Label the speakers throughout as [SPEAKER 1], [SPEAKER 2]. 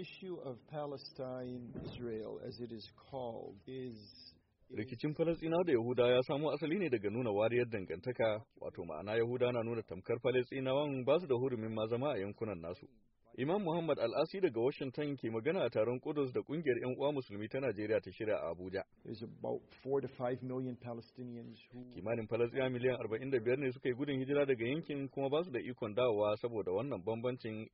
[SPEAKER 1] issue of Palestine Israel as it is called
[SPEAKER 2] rikicin Falasina da yahuda ya samo asali ne daga nuna wariyar dangantaka wato ma'ana yahuda na nuna tamkar falasinawan ba su da hurumin ma zama a yankunan nasu Imam Muhammad four daga Washington ke magana a taron Kudus da kungiyar 'yan uwa musulmi ta Najeriya ta shirya a Abuja. Kimanin Falasɗiya miliyan 45 ne suka yi gudun hijira daga yankin kuma ba su da ikon dawowa saboda wannan bambancin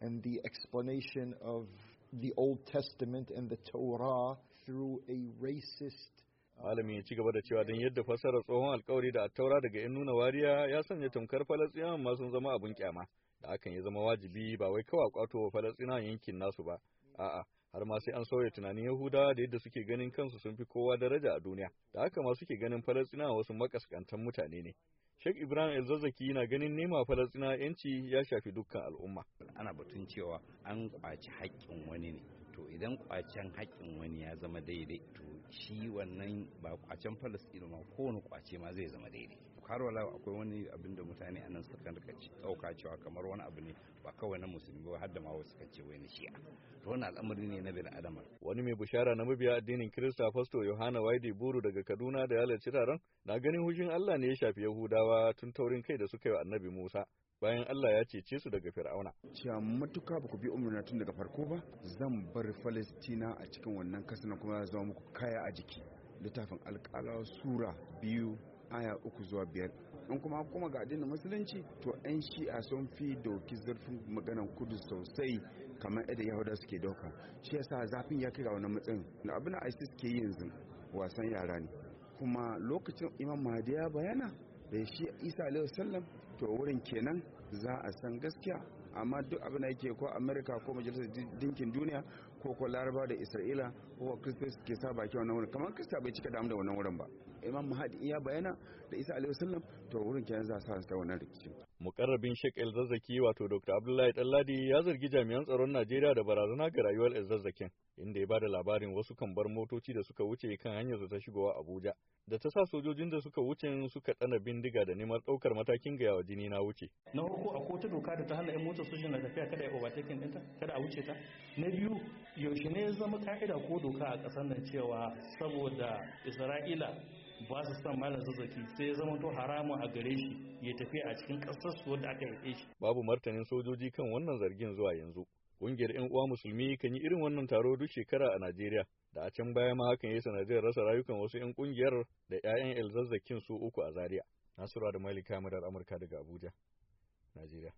[SPEAKER 1] And the explanation of the Old Testament and the Torah through a racist
[SPEAKER 2] malamin ya ci gaba da cewa don yadda fassara tsohon alkawari da attaura daga yan nuna wariya ya sanya tamkar falastinawan ma sun zama abin kyama da hakan ya zama wajibi ba wai kawai kwato wa falastinawan yankin nasu ba a'a har ma sai an sauya tunanin Yahuda da yadda suke ganin kansu sun fi kowa daraja a duniya da haka ma suke ganin falastinawa wasu makaskantan mutane ne Sheikh Ibrahim zazzaki na ganin nema Falastina yanci ya shafi dukkan al'umma. Ana batun cewa
[SPEAKER 1] an kwaci haƙƙin wani ne. to idan kwacen haƙƙin wani ya zama daidai to shi wannan ba kwacen falasɗinu ma kowane kwace ma zai zama daidai har wala akwai wani abin da mutane a nan suka rika ɗauka cewa kamar wani abu ne ba kawai na musulmi ba har da ma wasu kan ce wai na shi'a to wannan al'amari ne na bin adama
[SPEAKER 2] wani mai bushara na mabiya addinin Kirista Fasto Yohana Waidi Buru daga Kaduna da ya halarci taron na ganin hushin Allah ne ya shafi Yahudawa tun taurin kai da suka yi wa Annabi Musa bayan Allah ya cece su daga Fir'auna.
[SPEAKER 1] Cewa matuka ba ku bi umarna tun daga farko ba zan bar Falastina a cikin wannan kasa na kuma ya zama muku kaya a jiki. Littafin alƙalawa Sura biyu aya uku zuwa biyar in kuma kuma ga addinin musulunci to 'yan shi'a sun fi doki zurfin maganan kudu sosai kamar yadda yahuda suke doka shi yasa zafin ya kira wani matsayin da abin isis ke yi yanzu wasan yara ne kuma lokacin imam mahdi ya bayana da shi isa alaihi to wurin kenan za a san gaskiya amma duk abin da yake ko amerika ko majalisar dinkin duniya ko ko laraba da isra'ila ko ko kristos ke sa baki wannan wurin kamar kristo bai cika damu da wannan wurin ba imam mahadi iya bayana da isa alaihi wasallam to wurin kenan za a sa ta wannan rikicin
[SPEAKER 2] mukarrabin shek zazzaki wato dr abdullahi dalladi ya zargi jami'an tsaron najeriya da barazana ga rayuwar el zazzakin inda ya bada labarin wasu kan bar motoci da suka wuce kan hanyar da ta shigowa abuja da ta sa sojojin da suka wuce suka tsana bindiga da neman ɗaukar matakin ga yawa jini na wuce na farko a kotu doka da ta hana yan motar sojin na tafiya kada ya overtaking ɗinta kada a wuce ta na biyu yaushe ne zama ka'ida ko doka a ƙasar nan cewa saboda isra'ila ba su san malam zazzaki sai ya zama to haramun a gare shi ya tafi a cikin ƙasar su wadda aka yi shi babu martanin sojoji kan wannan zargin zuwa yanzu Ƙungiyar 'yan uwa musulmi kan yi irin wannan taro duk shekara a Najeriya. Da a can baya ma hakan ya sanadiyar rasa rayukan wasu 'yan ƙungiyar da 'ya'yan elzazzakin su uku a Zaria. Nasiru da Malika madar Amurka daga Abuja, Najeriya.